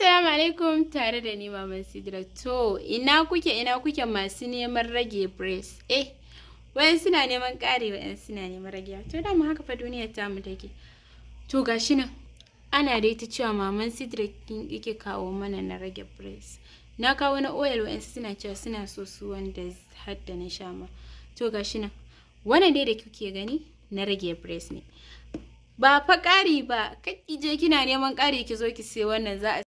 Assalamu alaikum tare da ni Maman Sidra. To, ina kuke ina kuke masu neman rage press. Eh, wayan suna neman ƙari wayan suna neman rage. To, da mu haka fa duniya ta mu take. To, gashi nan ana dai ta cewa Maman Sidra kin yake kawo mana na rage press. Na kawo na oil wayan suna cewa suna so su wanda har da na sha ma. To, gashi nan wannan dai da kuke gani na rage press ne. ba fa ƙari ba kaki je kina neman ƙari ki zo ki sai wannan za a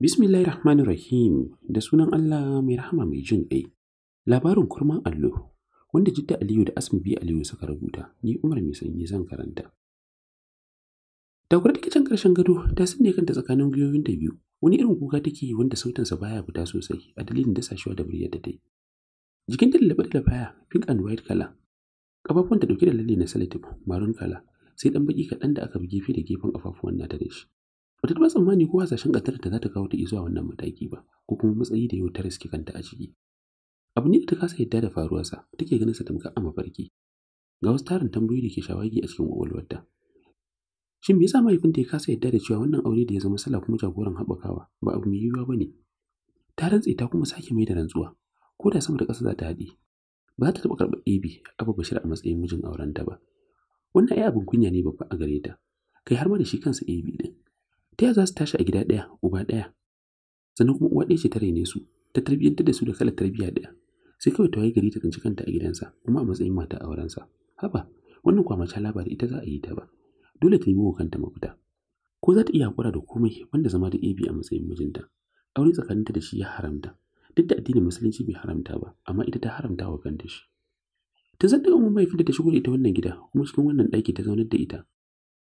Bismillahir Rahmanir Rahim da sunan Allah mai rahama mai jin ƙai. Labarin kurman allo wanda Jidda Aliyu da Asmi biyu Aliyu suka rubuta ni Umar mai sanyi zan karanta. Dagwar take can karshen gado ta sanya kanta tsakanin gwiwoyin ta biyu wani irin kuka take wanda sautinsa baya fita sosai a dalilin dasashewa da muryar da ta yi. Jikin ta da baya pink and white kala ta ɗauke da lalle na salatif marun kala sai ɗan baki kaɗan da aka bi gefe da gefen kafafuwan na da shi. Ba tsammani ko hasashen ƙantar ta za ta kawo ta zuwa wannan mataki ba ko kuma matsayi da yau ta riske kanta a ciki. Abu ne da ta kasa yadda da faruwarsa take ganin sa tamkar a mafarki. Ga wasu tarin tambayoyi da ke shawagi a cikin ƙwaƙwalwarta. Shin me yasa mahaifinta ya kasa yadda da cewa wannan aure da ya zama sallah kuma jagoran haɓakawa ba abu mai yiwuwa ba ne? Ta rantse ta kuma sake mai da rantsuwa ko da sama da ƙasa za ta haɗe ba ta taɓa karɓar ɗebi abu bashir a matsayin mijin aurenta ba wannan ai abin kunya ne babba a gare ta kai har ma da shi kansa ɗebi ɗin ta za su tashi a gida ɗaya uba ɗaya sannan kuma uwa ɗaya ce ta raine su ta tarbiyyanta da su da kalar tarbiyya ɗaya sai kawai ta waye gari ta tsinci kanta a gidansa kuma a matsayin mata aurensa haba wannan mace labari ita za a yi ta ba dole ta yi wa kanta mafita ko za ta iya hakura da komai wanda zama da ebi a matsayin mijinta aure tsakaninta da shi ya haramta duk da addinin musulunci bai haramta ba amma ita ta haramta wa kanta shi ta zanta ga mahaifinta ta shigo da ita wannan gida kuma cikin wannan daki ta zaunar da ita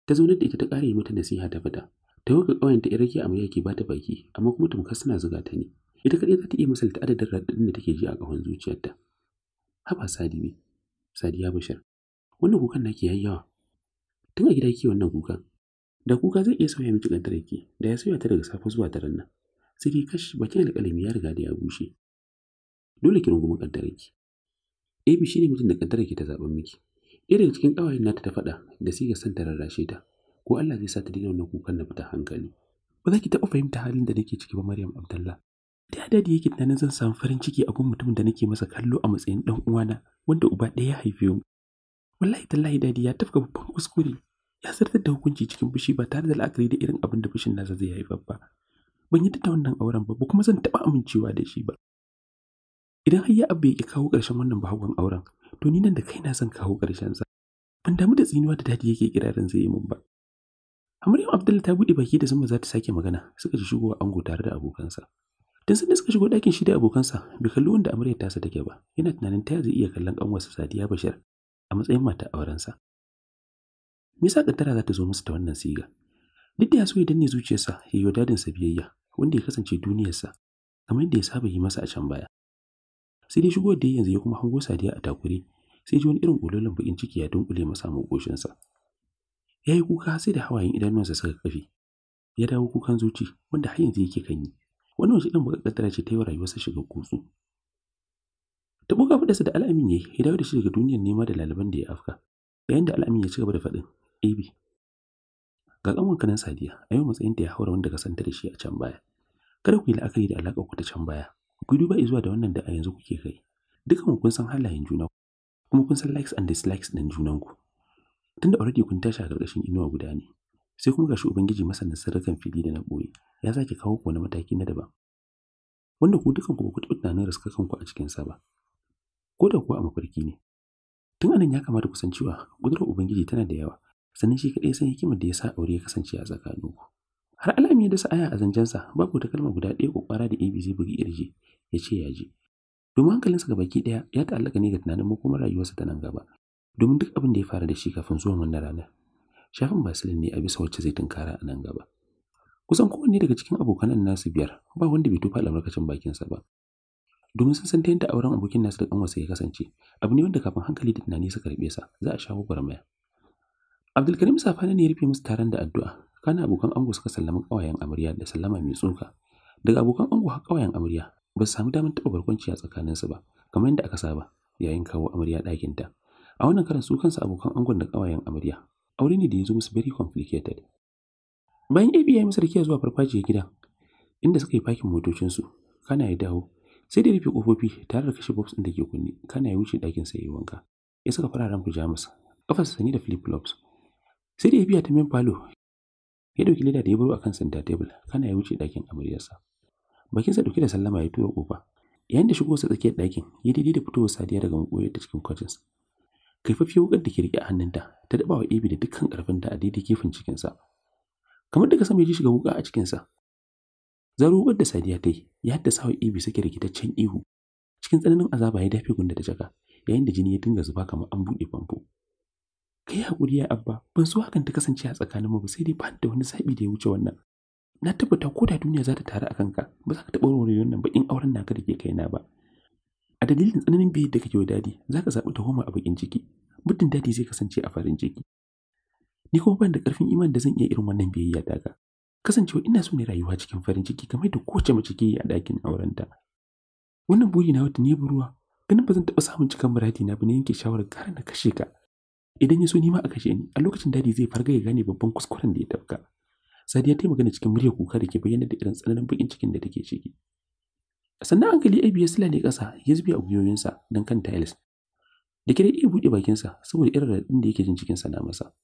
ta zaunar da ita ta ƙara yi mata nasiha ta fita ta yau ƙawayen ta iraki yake ba ta baki amma kuma tamkar suna zuga ta ne ita kaɗai za ta iya misalta adadin raɗaɗin da take ji a ƙahon zuciyarta haba sadiwi sadiya bashar. wannan kukan nake yayyawa tun a gida ke wannan kukan da kuka zai iya sauya miki ƙantar da ya sauya ta daga safe zuwa daren nan sai kai kina da alƙalami ya riga da ya bushe dole ki rungumi ki Ebi shine mutum da kaddarar ki ta zaben miki Irin cikin ƙawayen nata ta faɗa da siga san ta rarrashe ta ko Allah zai sa ta daina wannan kukan na fita hankali ba za ki taɓa fahimta halin da nake ciki ba Maryam Abdullah da dadi yake tunanin zan samu farin ciki a gun mutumin da nake masa kallo a matsayin dan uwana wanda uba ɗaya ya haife mu wallahi tallahi dadi ya tafka babban kuskure ya zartar da hukunci cikin fushi ba tare da la'akari da irin abin da fushin nasa zai haifar ba ban yi ta wannan auren ba kuma zan taɓa amincewa da shi ba idan har ya abu ya kawo ƙarshen wannan bahawan auren to ni nan da kai na zan kawo ƙarshen sa ban damu da tsiniwa da dadi yake kirarin zai yi mun ba Amaryam Abdullahi ta buɗe baki da Zuma za ta sake magana suka ji shigowa ango tare da abokansa dan sanda suka shigo ɗakin shi da abokansa bai kalli wanda amaryar tasa take ba yana tunanin ta zai iya kallon ƙanwarsa Sadiya Bashir a matsayin mata aurensa me yasa kaddara za ta zo musu ta wannan siga duk da ya so ya danne zuciyarsa ya yi wa dadinsa biyayya wanda ya kasance duniyarsa kamar yadda ya saba yi masa a can baya sai dai shigo da yanzu ya kuma hango sadiya a takure sai ji wani irin ƙololin bakin ciki ya dunkule masa makoshinsa ya yi kuka sai da hawayen idanuwansa suka kafe ya dawo kukan zuci wanda har yanzu yake kan yi wannan wace ɗan bukatara ce ta yi wa rayuwarsa shiga kutsu ta buga sa da al'amin ya ya dawo da shi daga duniyar nema da laliban da ya afka yayin da al'amin ya ci gaba da faɗin ab ga ƙanwanka nan sadiya a yau matsayin da ya haura wanda ka santa da shi a can baya kada ku yi la'akari da alaƙar ku ta can baya ku duba zuwa da wannan da a yanzu kuke kai mu kun san halayen juna kuma kun san likes and dislikes ɗin ku tunda already kun tashi a ƙarƙashin inuwa guda ne sai kuma gashi ubangiji masanin sirrukan fili da na ɓoye ya sake kawo ku wani mataki na daban wanda ku dukan ku ba ku taɓa tunanin raskar kanku a cikin sa ba ko da kuwa a mafarki ne tun anan ya kamata ku san cewa ƙudurar ubangiji tana da yawa sannan shi kaɗai san hikimar da ya sa aure ya kasance a tsakaninku har alami ya dasa aya a zancensa babu ta kalma guda ɗaya kwakwara da abc bugi irji ya ce ya ji domin hankalinsa ga baki ɗaya ya ta'allaka ne ga tunanin kuma rayuwarsa ta nan gaba domin duk abin da ya fara da shi kafin zuwan wannan ranar shafin basilin ne a bisa wacce zai tunkara a nan gaba kusan kowanne daga cikin abokanan nasu biyar ba wanda bai tufa albarkacin bakinsa ba domin sun san ta yadda auren abokin nasu da kanwarsa ya kasance abu ne wanda kafin hankali da tunani suka rabe sa za a shawo gwarmaya abdulkarim safana ne ya rufe musu taron da addu'a kana abokan ango suka sallama ƙawayen amarya da sallama mai tsoka daga abokan ango har ƙawayen amarya ba su samu damar taɓa barkwanci a tsakaninsu ba kamar yadda aka saba yayin kawo amarya ta a wannan karan su kansu abokan angon da ƙawayen amarya aure ne da ya zo musu very complicated bayan abi ya yi masa rikiya zuwa farfajiyar gidan inda suka yi fakin motocinsu kana ya dawo sai da rufe kofofi tare da kashe bobs inda da ke kunne kana ya wuce ɗakin sa yi wanka ya saka fararen pajamas kafar sani da flip flops sai da ya biya ta min falo ya dauki leda da ya a kan santa table kana ya wuce dakin amaryarsa sa dauke da sallama ya tura kofa yayin da sa tsakiyar dakin ya daidai da fitowar sadiya daga makoyar ta cikin kwacinsa kaifaffiyar wukar da ke rike a hannunta ta daba wa ibi da dukkan ta a daidai gefen sa kamar daga sama ya ji shiga wuka a cikinsa sa wukar da sadiya ta yi ya haddasa wa ibi sake rikitaccen ihu cikin tsananin azaba ya dafe gunda da jaka yayin da jini ya dinga zuba kamar an buɗe famfo ka yi haƙuri ya abba ban so hakan ta kasance a tsakaninmu ba sai dai ba da wani zaɓi da ya wuce wannan na tabbata ko da duniya za ta taru a kanka ba za ka taɓa wani wannan baƙin auren naka da ke kaina ba a dalilin tsananin biyayya da ka kake wa dadi za ka zaɓi tuhuma a bakin ciki muddin dadi zai kasance a farin ciki ni kuma ban da ƙarfin iman da zan iya irin wannan biyayya daga kasancewa ina so ne rayuwa cikin farin ciki kamar da kowace mace ke yi a ɗakin aurenta wannan buri na wata ne ruwa ganin ba zan taɓa samun cikan muradi na ba ne yanke shawarar na kashe ka idan ya so nima a kashe ni a lokacin dadi zai farga ya gane babban kuskuren da ya tafka sadiya ta magana cikin murya kuka da ke bayyana da irin tsananin bakin cikin da take ciki sannan hankali abi ya sila ne kasa ya zubi a gwiwoyinsa don kan tiles da kira iya buɗe bakinsa saboda irin raɗin da yake jin cikinsa na masa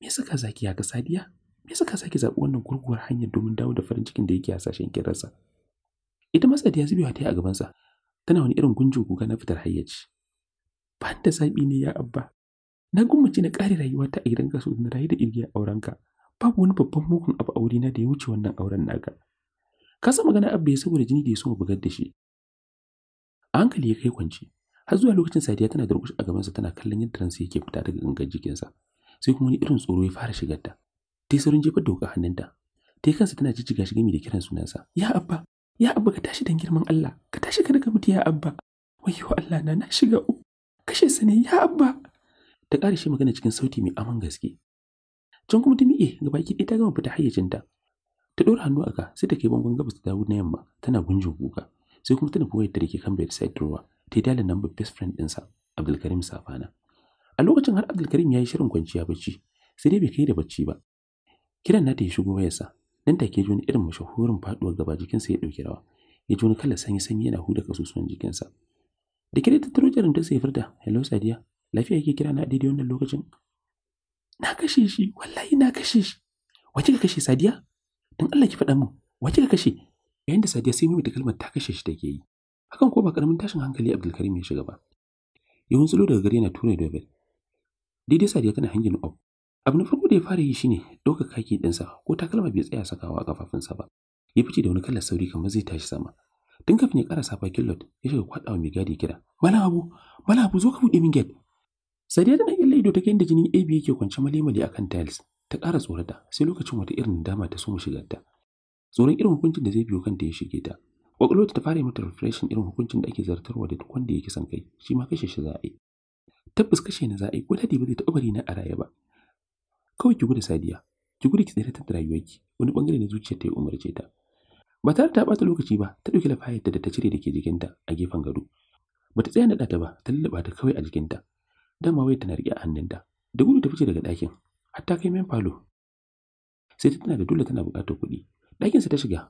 me yasa ka zaki haka sadiya me yasa ka saki zaɓi wannan gurguwar hanyar domin dawo da farin cikin da yake hasashen kirarsa ita ma sadiya zubewa ta yi a gabansa tana wani irin gunjo kuka na fitar hayyaci ban da zaɓi ne ya abba na ce na ƙare rayuwata a gidan kaso na rayu da irgiya aurenka babu wani babban mugun abu a na da ya wuce wannan auren naka ka san magana abba ya saboda jini da ya so mu bugar da shi a hankali ya kai kwanci har zuwa lokacin sadiya tana da rukushi a gabansa tana kallon yadda ransa yake fita daga gangar jikinsa sai kuma wani irin tsoro ya fara shigar ta ta yi saurin jefar da wuka hannunta ta yi kansa tana jijjiga shi gami da kiran sunansa ya abba ya abba ka tashi dan girman Allah ka tashi ka daga mutu ya abba wayyo Allah na na shiga u kashe sa ya abba ta ƙara shi magana cikin sauti mai aman gaske can kuma ta miƙe gaba ɗaya ta gama fita hayyacinta ta ɗora hannu a ka sai ta kai bangon gabas ta dawo na yamma tana gunjin kuka sai kuma tana koyar da rike kan bedside drawer ta yi dala number best friend ɗinsa abdulkarim safana a lokacin har abdulkarim ya yi shirin kwanciya bacci sai dai bai kai da bacci ba kiran nata ya shigo wayarsa nan take ji wani irin mashahurin faɗuwar gaba jikinsa ya dauki rawa ya ji wani kalar sanyi sanyi yana huda kasusuwan jikinsa da kire ta turo jarin ta sai furta hello sadiya lafiya yake kira na a daidai wannan lokacin na kashe shi wallahi na kashe shi wace ka kashe sadiya dan Allah ki faɗa min wace ka kashe yayin da sadiya sai mai kalmar ta kashe shi take yi hakan ko ba karamin tashin hankali Abdulkarim ya shiga ba yawan tsulo daga gare na tura dobel daidai sadiya tana hangin up abu na farko da ya fara yi shine ɗaukar kaki ɗinsa ko takalma bai tsaya sakawa a kafafunsa ba ya fice da wani kalar sauri kamar zai tashi sama tun kafin ya karasa safa kilot ya shiga kwaɗawa mai gadi kira malam abu malam abu zo ka buɗe min gate sai dai tana illa ido ta kai inda jinin AB yake kwance male-male akan tiles ta ƙara tsorata sai lokacin wata irin dama ta suma shigar ta tsoron irin hukuncin da zai biyo kanta ya shige ta kwakwalwar ta fara mata refreshing irin hukuncin da ake zartarwa da duk wanda yake kisan kai shi ma kashe shi za a yi tabbas kashe ni za a yi ko ta ba zai taɓa bari na a raye ba kawai ki gudu sadiya ki gudu ki tsere ta rayuwarki wani bangare na zuciyar ta ya umarce ta ba tare ta ɓata lokaci ba ta ɗauki lafayar da ta cire da ke jikinta a gefen gado bata tsaya na ta ba ta lullaba ta kawai a jikinta dama wai tana riƙe a hannunta da gudu ta fice daga ɗakin hatta kai men falo sai ta tana da dole tana buƙatar kuɗi ɗakinsa ta shiga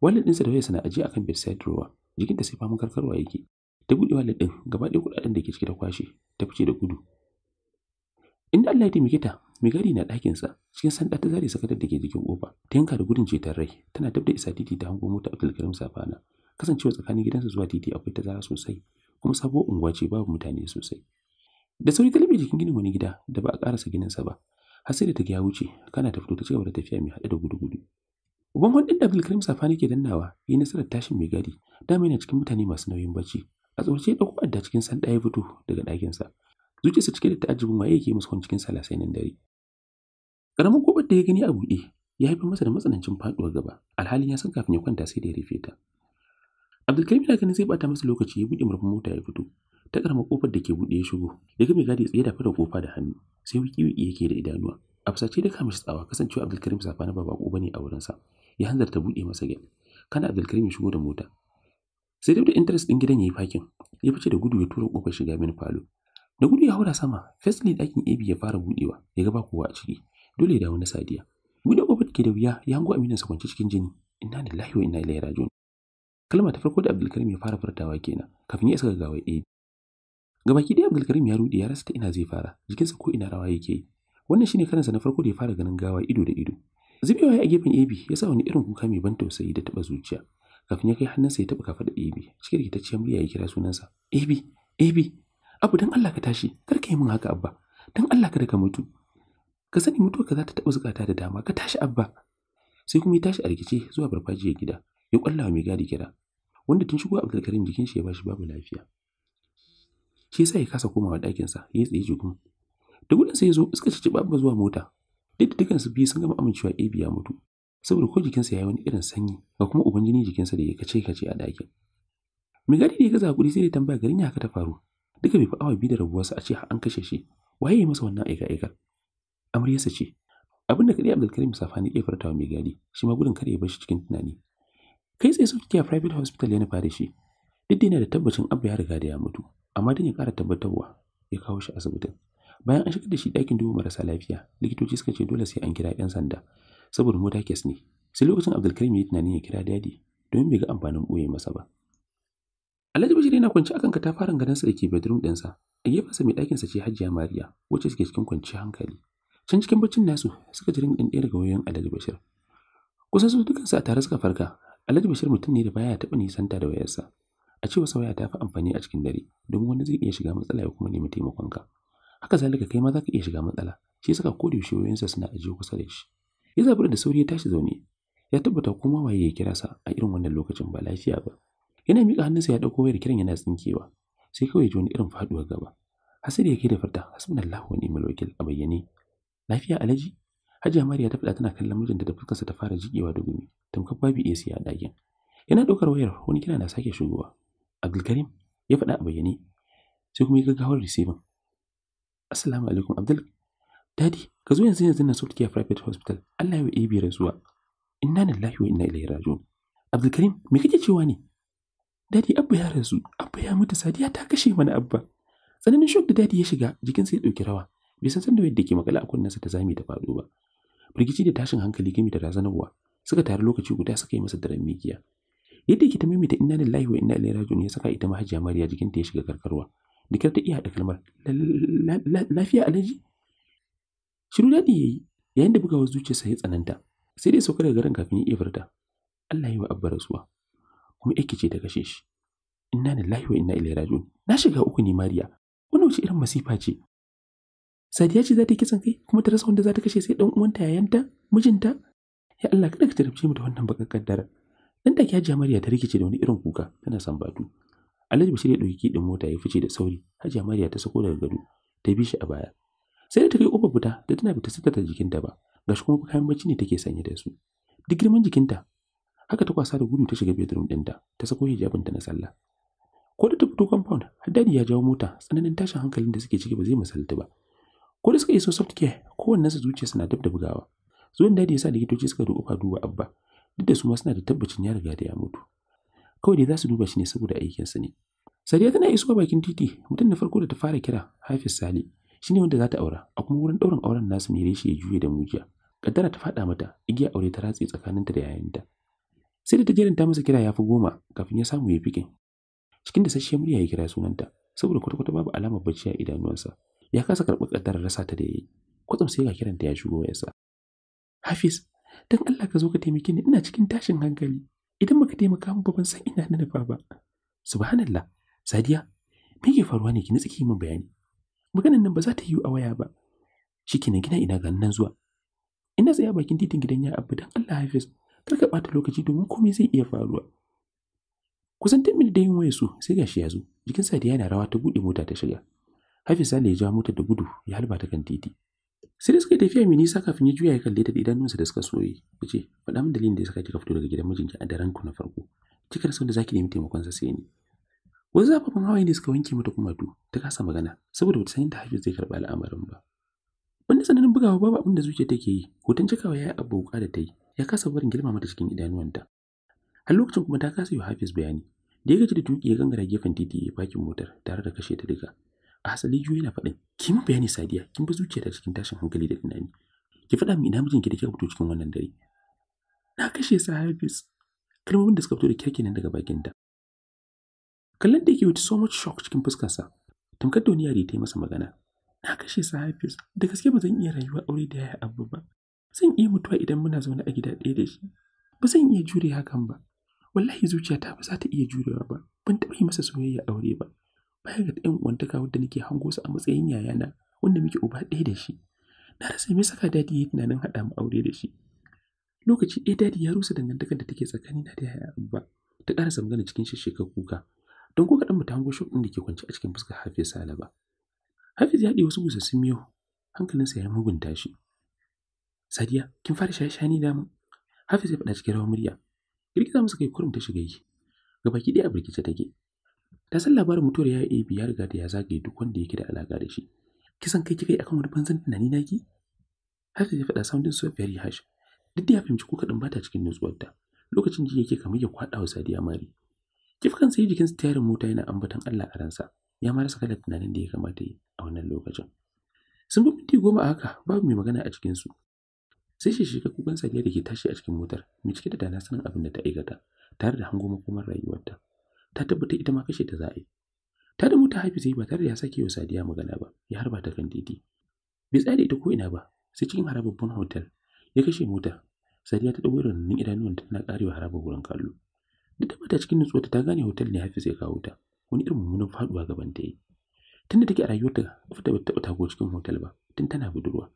wallet ɗinsa da wayarsa na ajiye akan bedside drawer jikinta sai mun karkarwa yake ta buɗe wallet ɗin gaba ɗaya kuɗaɗen da ke ciki ta kwashe ta fice da gudu inda Allah ya taimake ta mai gadi na ɗakinsa cikin sanda ta zare sakatar da ke jikin kofa ta yanka da gudun ceton rai tana da isa titi ta hango mota Karim safana kasancewa tsakanin gidansa zuwa titi akwai tazara sosai kuma sabuwar unguwa ce babu mutane sosai da sauri ta libe jikin ginin wani gida da ba a karasa gininsa ba har sai da ta ya wuce kana ta fito ta cigaba da tafiya mai haɗe da gudu-gudu uban wani ɗin da kirim safa ke dannawa yi nasarar tashin mai gadi dama yana cikin mutane masu nauyin bacci a tsorce ɗauko adda cikin san ɗaya fito daga ɗakinsa zuciyarsa cike da ta'ajibin waye yake musu kwan cikin salasai nan dare ƙaramin kobar da ya gani a buɗe ya haifar masa da matsanancin faɗuwar gaba alhalin ya san kafin ya kwanta sai da ya rufe ta abdulkarim yana ganin zai bata masa lokaci ya buɗe murfin mota ya fito ta karamar kofar da ke buɗe ya shigo ya ga mai gadi tsaye da fara kofa da hannu sai wiki wiki yake da idanuwa a fusace da kamish tsawa kasancewa abdulkarim safa na baba ko bane a wurinsa ya hanzarta buɗe masa gate kana abdulkarim ya shigo da mota sai dai da interest din gidan yayi fakin ya fice da gudu ya tura kofar shiga min falo da gudu ya haura sama firstly ɗakin Ebi ya fara buɗewa ya ga ba kowa a ciki dole ya dawo na sadiya buɗe kofar ke da wuya ya hango aminan sa kwance cikin jini inna lillahi wa inna ilaihi raji'un kalma ta farko da abdulkarim ya fara furtawa kenan kafin ya isa gawar ab Gabaki ɗaya Abdulkarim ya rudi ya rasa ta ina zai fara, jikinsa ko ina rawa yake yi. Wannan shine karansa na farko da ya fara ganin gawa ido da ido. Zubewa ya a gefen AB ya sa wani irin kuka mai ban tausayi da taɓa zuciya. Kafin ya kai hannunsa ya taɓa kafa da AB, cikin rikitacciyar murya ya kira sunansa. AB, AB, abu dan Allah ka tashi, kar ka yi min haka abba, dan Allah kada ka mutu. Ka sani mutuwa ka za ta taɓa zukata da dama, ka tashi abba. Sai kuma ya tashi a rikice zuwa farfajiyar gida, ya ƙwallawa mai gadi kira, wanda tun shigo Abdulkarim jikin shi ya bashi babu lafiya. shi yasa ya kasa komawa ɗakinsa ya tsaye jigun da gudun sai ya zo iska ci babba zuwa mota duk da dukan su biyu sun gama amincewa ebi ya mutu saboda ko jikinsa ya yi wani irin sanyi ga kuma uban jini jikinsa da ya kace kace a ɗakin mai gadi da ya gaza kuɗi sai da tambaya garin ya haka ta faru duka bai fi awa biyu da rabuwarsa a ce an kashe shi waye ya masa wannan aika-aikar amaryarsa ce abin da kaɗai abdulkarim safani ya furtawa mai gadi shi ma gudun kada ya bar shi cikin tunani kai tsaye sun a private hospital ya nufa da shi duk da yana da tabbacin abu ya riga da ya mutu amma don ya ƙara tabbatarwa ya kawo shi asibitin bayan an shigar da shi ɗakin duba marasa lafiya likitoci suka ce dole sai an kira 'yan sanda saboda mota kes ne sai lokacin abdulkarim ya yi tunanin ya kira dadi domin bai ga amfanin ɓoye masa ba alhaji bashir yana kwance akan katafaren sa da ke bedroom ɗinsa a gefensa mai ɗakinsa ce hajiya mariya wacce suke cikin kwanci hankali can cikin baccin nasu suka ji ɗin ɗaya daga wayoyin alhaji bashir kusan su dukansu a tare suka farka alhaji bashir mutum ne da baya taɓa nisanta da wayarsa a cewa waya ta fi amfani a cikin dare domin wani zai iya shiga matsala ya kuma nemi taimakonka haka zalika kai ma za ka iya shiga matsala shi saka ko da wayoyinsa suna ajiye kusa da shi ya zabar da sauri ya tashi zaune ya tabbata kuma waye ya kira sa a irin wannan lokacin ba lafiya ba yana miƙa hannunsa ya ɗauko wayar kiran yana tsinkewa sai kawai ya ji wani irin faɗuwar gaba ya yake da farta hasbunallahu wa ni'mal wakil a bayyane lafiya alaji Hajiya Mariya ta faɗa tana kallon mijinta da fuskarsa ta fara jikewa da gumi, tamkar babu AC a ɗakin. Yana ɗaukar wayar wani kira na sake shigowa. Abdulkarim ya faɗa a bayyane sai kuma ya gaggawar receiver Assalamu alaikum Abdul. Dadi, ka zo yanzu yanzu na Soft Care Private Hospital. Allah ya yi bi rasuwa. Inna lillahi wa inna ilaihi raji'un. Abdulkarim, me kake cewa ne? Dadi Abba ya rasu, Abba ya mutu Sadiya ta kashe mana Abba. Tsananin shock da Dadi ya shiga, jikinsa ya ɗauki rawa. Bai san sanda yadda ke makala a kunnensa ta zami da faɗo ba. Firgici da tashin hankali gami da razanarwa suka tare lokaci guda suka yi masa daren mikiya. yadda yake ta maimaita inna lillahi wa inna ilaihi raji'un ya saka ita ma hajiya mariya jikinta ya shiga karkarwa da kyar ta iya haɗa kalmar lafiya alaji shiru dadi ya yi yayin da bugawar zuciyarsa ya tsananta sai dai sauka daga garin kafin ya ifarta. Allah Allah yi wa abba rasuwa kuma yake ce ta kashe shi inna lillahi wa inna ilaihi raji'un na shiga uku ne mariya wannan wace irin masifa ce sadiya ce za ta yi kisan kai kuma ta rasa wanda za ta kashe sai ɗan uwanta yayanta mijinta ya Allah kada ka tarbice mu da wannan bakakkar kaddara nan take hajiya Mariya ta rikice da wani irin kuka tana batu. Alhaji Bashir ya dauki kidin mota ya fice da sauri hajiya Mariya ta sako daga gado ta bi shi a baya sai da ta kai kofar fita da tana fita saka jikinta ba gashi kuma kayan bacci ne take sanye da su duk girman jikinta haka ta kwasa da gudu ta shiga bedroom ɗinta ta sako hijabinta na sallah ko da ta fito compound haddadi ya jawo mota tsananin tashin hankalin da suke ciki ba zai misalta ba ko da suka iso soft care kowannensu su zuciya suna dab da bugawa zuwan dadi ya sa likitoci suka duba abba duk da su ma suna da tabbacin ya riga da ya mutu kawai dai za su duba shi ne saboda aikinsa ne sadiya tana isuwa bakin titi mutum na farko da ta fara kira hafiz sale shi ne wanda za ta aura a kuma wurin ɗaurin auren nasu ne reshe ya juye da mujiya kaddara ta faɗa mata igiya aure ta ratse tsakaninta da 'ya'yanta. sai da ta jerin ta masa kira ya fi goma kafin ya samu ya fikin cikin da sasshiyar murya ya kira sunanta saboda kwata-kwata babu alamar bacci a idanuwansa ya kasa karɓar kaddarar rasa ta da ya yi kwatsam sai ga kiranta ya shigo sa. Hafiz don Allah ka zo ka taimake ni ina cikin tashin hankali idan baka taimaka min ba ban san ina na nufa ba subhanallah sadiya me ke faruwa ne ki nutsi ki min bayani maganan nan ba za ta yi a waya ba ne gina ina ga nan zuwa ina tsaya bakin titin gidan ya abu dan Allah hafiz kar ka bata lokaci domin komai zai iya faruwa kusan tun da yin waya su sai gashi ya zo jikin sadiya yana rawa ta buɗe mota ta shiga hafiz sale ya ja mota da gudu ya halba ta kan titi sai da suka yi tafiya mai nisa kafin ya juya ya kalle ta da idanunsa da suka soye ya ce faɗa min dalilin da ya saka kika fito daga gidan mijinki a daren ku na farko kika rasa da zaki nemi taimakon sa sai ni wasu zafafin hawaye ne suka wanke mata kumatu ta kasa magana saboda bata san yadda Hafiz zai karɓi al'amarin ba wanda sananin bugawa babu abin da zuciya take yi hoton cikawa ya yi abu wuka da ta yi ya kasa barin girma mata cikin idanuwanta har lokacin kuma ta kasa yi Hafiz bayani da ya gaji da tuki ya gangara gefen titi ya bakin motar tare da kashe ta duka a hasali juyi yana faɗin ki mun bayani sadiya kin bi zuciya zuciyata cikin tashin hankali da tunani ki faɗa min ina mijinki da kika fito cikin wannan dare na kashe sa kalmomin da suka fito da kirki nan daga bakinta kallon da yake wuce so much shock cikin fuskarsa tamkar da ta yi masa magana na kashe sa hafiz da gaske ba zan iya rayuwa aure da yaya abu ba zan iya mutuwa idan muna zaune a gida ɗaya da shi ba zan iya jure hakan ba wallahi zuciyata ba za ta iya jurewa ba ban taɓa yi masa soyayya aure ba baya ga ɗan uwantaka wadda nake hango su a matsayin yayana wanda muke uba ɗaya da shi na rasa me saka dadi ya tunanin haɗa mu aure da shi lokaci ɗaya dadi ya rusa dangantakar da take tsakanina da yaya ba ta ƙarasa magana cikin shishshekar kuka don ko kaɗan mu ta hango shop ɗin da ke kwance a cikin fuskar hafiz salaba hafiz ya ɗi wasu busassun miyau hankalinsa ya mugunta shi sadiya kin fara shaye-shaye da mu hafiz ya faɗa cikin rawar murya girgiza masa kai kurum ta shiga yi gabaki ɗaya a birkice take Ta san labarin mutuwar ya yi ya riga da ya zagaye duk wanda yake da alaka da shi. Kisan kai kika yi akan wani banzan tunani naki? Haka ya faɗa saundin so very harsh. Duk da ya fahimci kuka kaɗan bata cikin nutsuwarta. Lokacin ji yake kamar ya kwaɗa wa Sadiya mari. Kifkan kan sai jikin tayarin mota yana ambaton Allah a ransa. Ya ma rasa kalar tunanin da ya kamata yi a wannan lokacin. Sun bi minti goma a haka babu mai magana a cikinsu. Sai shi shiga kukan Sadiya da ke tashi a cikin motar mai cike da dana sanin abin da ta aikata tare da hango makomar rayuwarta. ta tabbata ita ma kashe ta za a yi ta da mota haifi zai ba tare da ya sake wa sadiya magana ba ya harba ta kan titi bai tsaya da ita ko ina ba sai cikin harababban hotel ya kashe mota sadiya ta ɗago rannin idanuwan ta tana karewa harabar wurin kallo duk da bata cikin nutsuwa ta gane hotel ne haifi zai kawo ta wani irin mummunan faduwa gaban ta yi tunda take a rayuwarta fita bata taɓa tago cikin hotel ba tun tana budurwa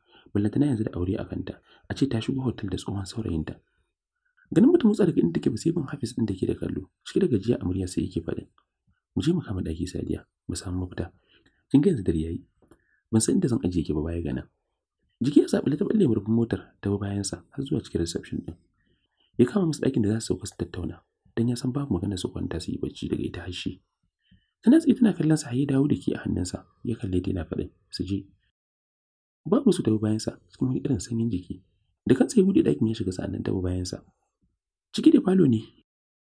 tana yanzu da aure a kanta a ce ta shigo hotel da tsohon saurayinta ganin mutum motsa daga inda take ba sai bin hafis din da ke da kallo cike da gajiya a murya sai yake faɗin mu je mu kama daki sadiya mu samu mafita kin ga yanzu dare yayi ban san inda zan ajiye ki ba baya ga nan jiki ya sabu ta balle murfin motar ta bi sa har zuwa cikin reception din ya kama musu ɗakin da za su sauka su tattauna dan ya san babu magana su kwanta su yi bacci daga ita har shi tana tsaye tana kallon sa haye dawo da ke a hannunsa ya kalle ta yana faɗin su je babu su sa bayansa cikin irin sanyin jiki da kansa ya bude ɗakin ya shiga sa'annan bayan sa ciki da falo ne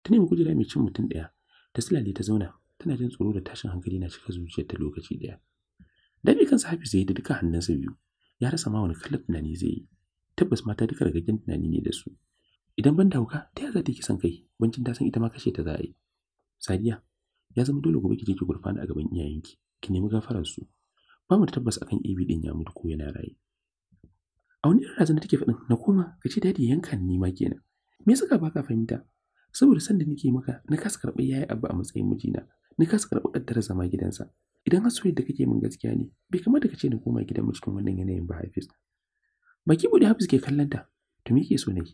ta nemi kujera mai cin mutum ɗaya ta silale ta zauna tana jin tsoro da tashin hankali na cika zuciyar ta lokaci ɗaya dami kansa hafi zai da duka hannunsa biyu ya rasa ma wani kallon tunani zai yi tabbas mata duka ragaggen tunani ne da su idan ban dauka ta yaza za ta kisan kai bancin ta san ita ma kashe ta za a yi sadiya ya zama dole gobe ki je ki gurfana a gaban iyayenki ki nemi gafarar su ba mu tabbas akan AB din ya mutu ko yana raye a wani irin razana take faɗin na koma ka ce dadi yankan ni ma kenan me yasa ba ka fahimta saboda sanda da nake maka na kasa karɓi yayi abu a matsayin mijina na kasa karɓi ɗaddar zama gidansa idan har soyayya da kake min gaskiya ne bai kamata ka ce na koma gidan mu cikin wannan yanayin ba Hafiz baki bude Hafiz ke kallon ta to me yake so ne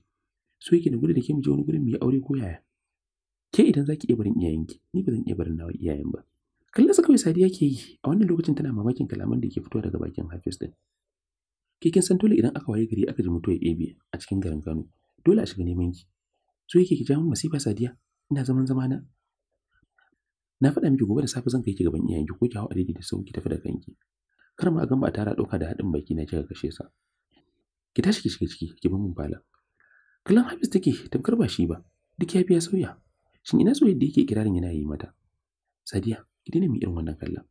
so yake da gudu da ke mu je wani gurin mu yi aure ko yaya ke idan zaki iya barin iyayenki ni ba zan iya barin nawa iyayen ba kallon sa kawai Sadiya ke yi a wannan lokacin tana mamakin kalaman da ke fitowa daga bakin Hafiz din ke kin san dole idan aka waye gari aka ji mutuwar Ebi a cikin garin Kano dole a shiga neman ki so yake ki ja masifa sadiya ina zaman zamana na faɗa miki gobe da safe zan kai ki gaban iyayenki ko ki hau adadi da sauki tafi da kanki kar ma a gama a tara ɗauka da haɗin baki na kika kashe sa ki tashi ki shiga ciki ki bar min bala kallon hafiz take tamkar ba shi ba duk ya biya sauya shin ina so da yake kirarin yana yi mata sadiya ki daina mi irin wannan kallon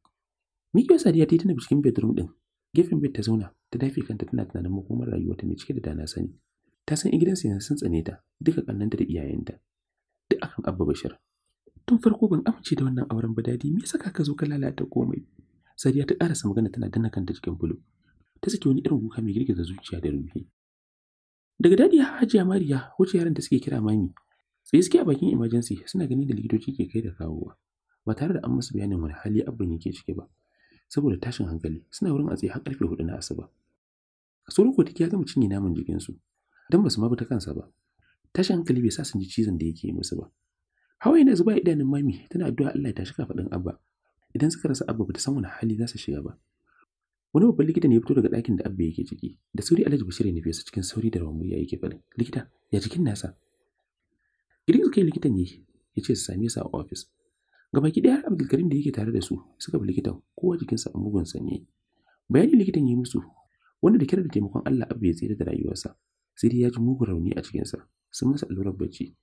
wa sadiya ta yi tana cikin bedroom din gefen bed ta zauna ta dafe kanta tana tunanin makomar rayuwa ta mai cike da dana sani ta san in gidansu yanzu sun tsane ta duka kannanta da iyayenta duk akan abba bashir tun farko ban amince da wannan auren ba dadi me yasa ka zo ka lalata komai sadiya ta karasa magana tana danna kanta cikin bulo ta saki wani irin kuka mai girgiza zuciya da ruhi daga dadi hajiya mariya wuce yaran da suke kira mami sai suke a bakin emergency suna gani da likitoci ke kai da kawowa ba tare da an musu bayanin wani hali abin ke ciki ba saboda tashin hankali suna wurin a tsaye har karfe hudu na asuba sauran ko take ya gama cinye naman jikinsu don ba su ma kansa ba tashin hankali bai sa sun ji cizon da yake musu ba hawaye na zuba idanun mami tana addu'a Allah ya tashi kafaɗin abba idan suka rasa abba bata san wani hali za su shiga ba wani babban likita ne ya fito daga ɗakin da abba yake ciki da sauri alhaji bashir ne fesa cikin sauri da rawan ya yake faɗin likita ya cikin nasa idan kai likitan ne ya ce su same su a ofis Gaba gabaki ɗaya abdulkarim da yake tare da su suka bi likitan kowa jikinsa a mugun sanye bayani likitan ya yi musu wanda da kira da taimakon allah abba ya tsira da rayuwarsa sai dai ya ji mugun rauni a cikinsa sun masa allurar bacci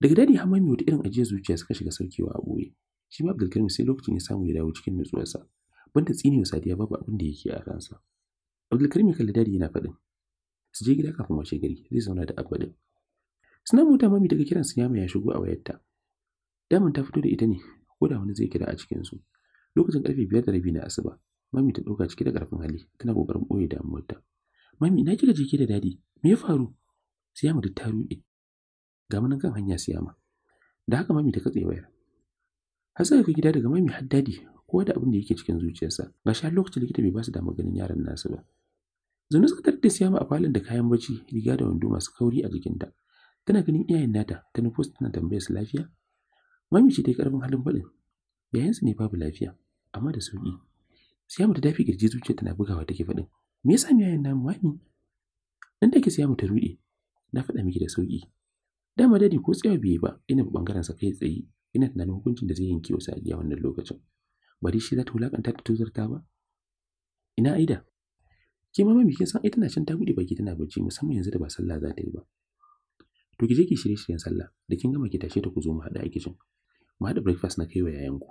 daga dadi hamami wata irin ajiyar zuciya suka shiga saukewa a boye shi ma abdulkarim sai lokacin ya samu ya dawo cikin nutsuwarsa banda tsinewa sadiya babu abin da yake a ransa abdulkarim ya kalli dadi yana faɗin su je gida kafin wace gari zai zauna da abadin suna mota mami daga kiran su yama ya shigo a wayarta damin ta fito da ita ne ko da wani zai kira a cikinsu lokacin karfe biyar da rabi na asuba mami ta ɗauka ciki da ƙarfin hali tana ƙoƙarin ɓoye damuwarta mami na kira jiki da dadi me ya faru siyama duk ta rude ga mun kan hanya siyama da haka mami ta katse wayar har sai gida daga mami har dadi kowa da abin da yake cikin zuciyarsa ga sha lokacin likita bai ba su damar ganin yaran nasu ba zaune suka tarar da siyama a falon da kayan bacci riga da wando masu kauri a jikinta tana ganin iyayen nata ta nufo tana tambayar su lafiya mami ce ta yi karfin halin faɗin yayansu ne babu lafiya amma da sauƙi siyama ta dafi kirji zuciyarta na bugawa take faɗin me yasa miyayen namu mami nan da ke saya mu ta ruɗe na faɗa miki da sauƙi dama dadi ko tsaya biye ba ina bangaren sa kai tsayi ina tunanin hukuncin da zai yanke wa sadiya wannan lokacin bari shi za ta wulakanta ta tuzarta ba ina aida ke mama bikin san ita na can ta gude baki tana bacci musamman yanzu da ba sallah za ta yi ba to ki je ki shirye shiryen sallah da kin gama ki tashe ta ku zo mu haɗa a kicin mu haɗa breakfast na wa yayan ku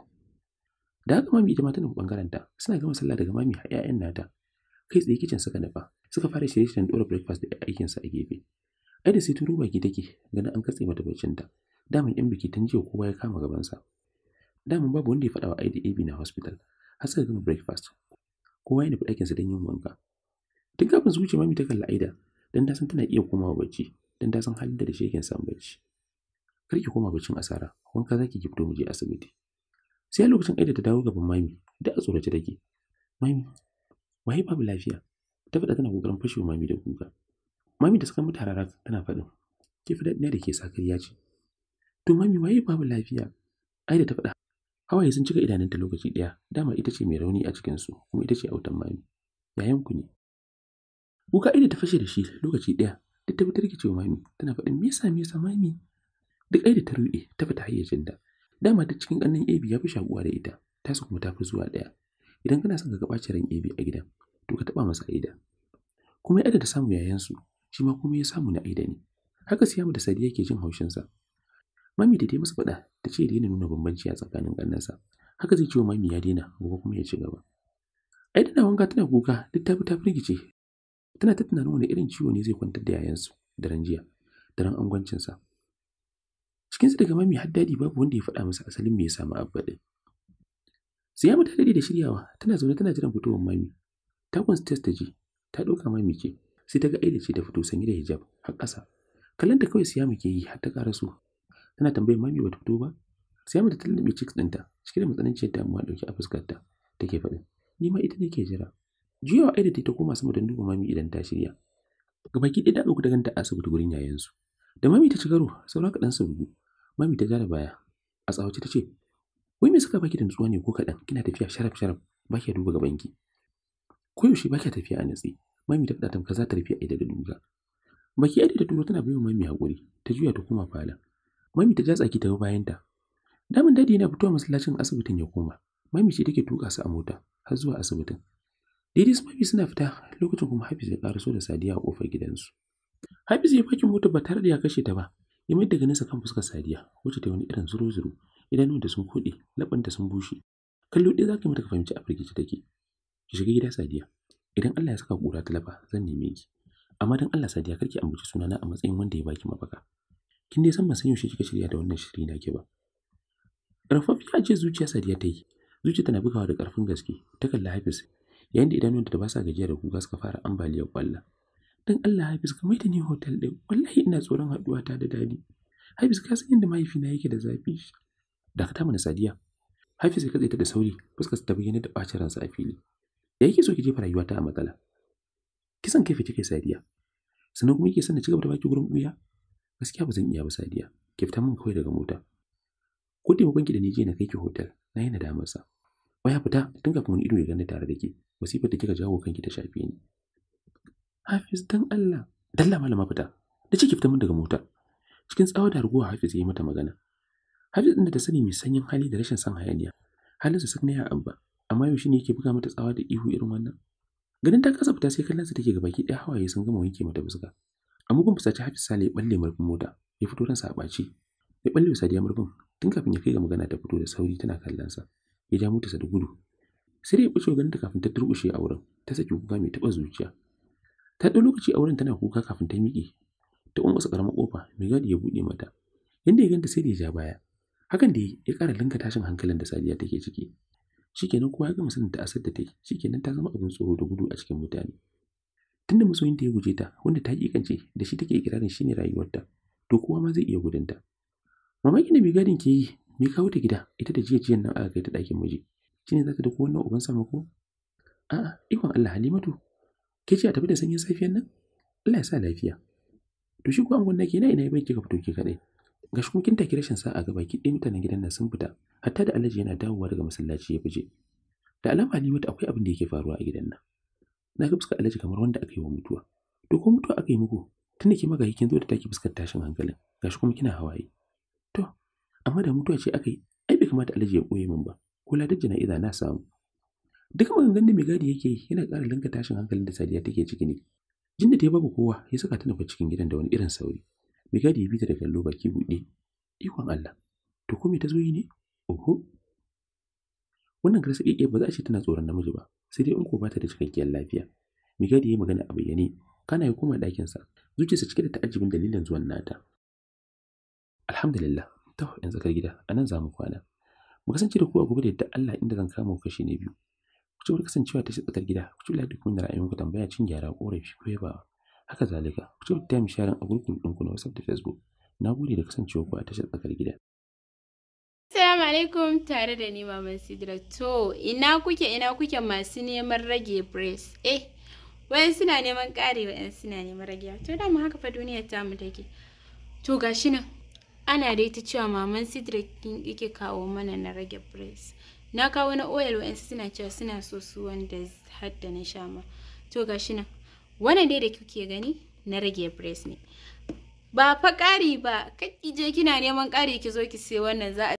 da haka mami ita ma tana bangaren ta suna gama sallah daga mami har ƴaƴan nata kai tsaye kicin suka nufa suka fara shirye-shiryen ɗora breakfast da aikinsa a gefe ai da sai turo baki ke, ganin an katse mata barcinta daman yan biki tun jiya kowa ya kama gabansa daman babu wanda ya faɗa wa aidi abi na hospital har suka gama breakfast kowa ya nufi ɗakinsa don yin wanka tun kafin su wuce mami ta kalla aida don ta san tana iya komawa bacci dan ta san halin da da shekin san bacci kar ki koma baccin asara wanka zaki ki fito mu je asibiti sai lokacin aida ta dawo gaban mami da a tsorace take mami waye babu lafiya ta faɗa tana kokarin fashewa mami da kuka mami da suka mutara rafi tana faɗin ke fada ina da ke ya ce to mami waye babu lafiya ai da ta faɗa hawaye sun cika idanunta lokaci ɗaya dama ita ce mai rauni a cikinsu kuma ita ce autan mami yayan ku ne kuka ida ta fashe da shi lokaci ɗaya duk ta fitar wa mami tana faɗin me yasa me yasa mami duk ai da ta ruɗe ta fita hayyacinta dama ta cikin kannin abi ya fi shakuwa da ita tasu kuma ta fi zuwa ɗaya idan kana son ka ga ran AB a gidan to ka taɓa masa aida kuma ya adada samu yayansu shi ma kuma ya samu na aida ne haka siya mu da sadiya ke jin haushinsa mami da dai masa faɗa ta ce daina nuna bambanci a tsakanin ƙannansa haka zai ciwo mami ya daina gobe kuma ya ci gaba ai na wanga tana kuka duk ta fita firgice tana ta tunanin wani irin ciwo ne zai kwantar da yayansu da ran jiya da ran angwancinsa cikinsu daga mami har dadi babu wanda ya faɗa masa asalin me ya samu abba ɗin Sai ya mata daɗi da shiryawa, tana zaune tana jiran fitowar mami. Ta kwansu ta ji, ta ɗauka mami ce, sai ta ga aida ce ta fito sanye da hijab har ƙasa. ta kawai Siyama ke yi har ta ƙara so. Tana tambayar mami bata fito ba. Siyama ta tallabe chicks ɗinta, cike da matsananciyar damuwa ɗauke a fuskarta, take faɗin. Ni ma ita nake jira. Juyawa aida ta koma sama don duba mami idan ta shirya. Gabaki ɗaya ta ɗauki daga a asibiti wurin yayansu. Da mami ta ci karo, saura kaɗan su bugu. Mami ta jara baya. A tsawace ta ce, wai me suka baki da nutsuwa ne ko kaɗan kina tafiya sharaf sharaf ba ki duba gabanki yaushe ba ki tafiya a natsi mami ta faɗa tamka za ta rufe aida da duba. baki aida da duga tana baiwa mami hakuri ta juya ta koma fala mami ta jatsa ki ta bayan ta damin dadi yana fitowa masallacin asibitin ya koma mami ce take tuka su a mota har zuwa asibitin daidai su mami suna fita lokacin kuma hafiz ya karaso da sadiya a kofar gidansu hafiz ya fakin mota ba tare da ya kashe ta ba ya mai da ganinsa kan fuskar sadiya wacce ta wani irin zuru-zuru da sun kuɗe labanta sun bushe kallo ɗaya za ka yi mata ka fahimci a firgici take ki shiga gida sadiya idan Allah ya saka kura ta lafa zan neme ki amma dan Allah sadiya karki ambaci sunana a matsayin wanda ya baki mafaka kin dai san ban san yaushe kika shirya da wannan shiri ke ba karfafiya ce zuciya sadiya ta yi zuciya tana bugawa da ƙarfin gaske ta kalla hafiz yayin da idanun da ba sa gajiya da kuka suka fara ambaliyar kwalla dan Allah hafiz ka maida ni hotel ɗin. wallahi ina tsoron haɗuwata ta da dadi hafiz ka san inda mahaifina yake da zafi dakata mana sadiya hafiz ya katse ta da sauri fuskar ta bayyana da bacin ransa a fili ya yake so ki jefa rayuwata a matsala kisan kai fice kai sadiya sannan kuma yake son na cigaba da baki gurin buya gaskiya ba zan iya ba sadiya ki fita min kawai daga mota ko taimakon ki da ni je na kai ki hotel na yi nadamar sa baya fita tun kafin wani ido ya gani tare da ke wasifar da kika jawo kanki ta shafe ni hafiz dan Allah dalla malama fita da ki fita min daga mota cikin tsawo da arguwa hafiz ya yi mata magana Hafiz ɗin da ta sani mai sanyin hali da rashin son hayaniya. Halinsa sak ne ya abba, amma yaushe ne yake buga mata tsawa da ihu irin wannan? Ganin ta kasa fita sai kallonsa take gabaki ɗaya hawaye sun gama wanke mata fuska. A mugun fusace hafi Sale ya balle murfin mota, ya fito ransa a ɓaci. Ya balle wasa da murfin, tun kafin ya kai ga magana ta fito da sauri tana sa, Ya ja sa da gudu. Sai ya ɓace ganin ta kafin ta turkushe a wurin, ta saki kuka mai taɓa zuciya. Ta ɗau lokaci a wurin tana kuka kafin ta miƙe. Ta ƙwanƙwasa ƙaramar ƙofa, mai gadi ya buɗe mata. Yanda ya ganta sai da ya ja baya, hakan da ya ƙara linka tashin hankalin da sadiya take ciki shikenan kowa ya gama sanin ta asar da take shikenan ta zama abin tsoro da gudu a cikin mutane tunda masoyinta ya guje ta wanda ta hakikance da shi take ikirarin ne rayuwarta to kowa ma zai iya gudunta mamakin da mai gadin ke yi mai kawo ta gida ita da jiyajiyan nan aka kai ta ɗakin miji shi ne za ta dauko wannan uban sama ko a'a ikon Allah Halimatu ke ce a tafi da sanyin safiyan nan Allah ya sa lafiya to shi ko gwanna ke na ina ya bai ka fito ke kadai ga shi kin take rashin sa'a ga baki ɗaya mutanen gidan nan sun fita hatta da Alhaji yana dawowa daga masallaci ya fije. da alama wata akwai abin da yake faruwa a gidan nan na ga fuskar Alhaji kamar wanda aka yi wa mutuwa to ko mutuwa aka yi muku tunda ki magayi kin zo da take fuskar tashin hankalin gashi kuma kina hawaye to amma da mutuwa ce aka yi ai bai kamata Alhaji ya koye min ba ko ladar jana'iza na samu duk maganganun da mai gadi yake yi yana ƙara linka tashin hankalin da Sadiya take ciki ne jinda ta yi babu kowa ya saka ta nufa cikin gidan da wani irin sauri Mai gadi ya bi da kallo baki buɗe. Ikon Allah, to ko me ta zo yi ne? Oho. Wannan garsa ƙiƙe ba za a ce tana tsoron namiji ba, sai dai in ko ba ta da cikakkiyar lafiya. Mai gadi ya magana a bayyane, kana ya koma ɗakinsa, zuciyarsa cike da ta'ajibin dalilin zuwan nata. Alhamdulillah, ta yan tsakar gida, a nan za mu kwana. Mu kasance da kowa gobe da yadda Allah inda zan kama kashi na biyu. Ku ci kasancewa ta shi tsakar gida, ku ci lafiya na da ku tambaya cin gyara ƙorafi ko yabawa. Haka zalika, ku ci time sharing a gurkun ɗinku na WhatsApp da Facebook. Na gode da kasancewa ku a tashar tsakar gida. Assalamu alaikum tare da ni Maman Sidra. To, ina kuke ina kuke masu neman rage press. Eh, wayan suna neman ƙare wayan suna neman rage. To, da mu haka fa duniyar mu take. To, gashi nan. Ana dai ta cewa Maman Sidra kin yake kawo mana na rage press. Na kawo na oil wayan suna cewa suna so su wanda har da na sha ma. To, gashi nan. wannan dai da kuke gani na rage breast ne ba fa ƙari ba ki je kina neman ƙari ki zo ki sai wannan za a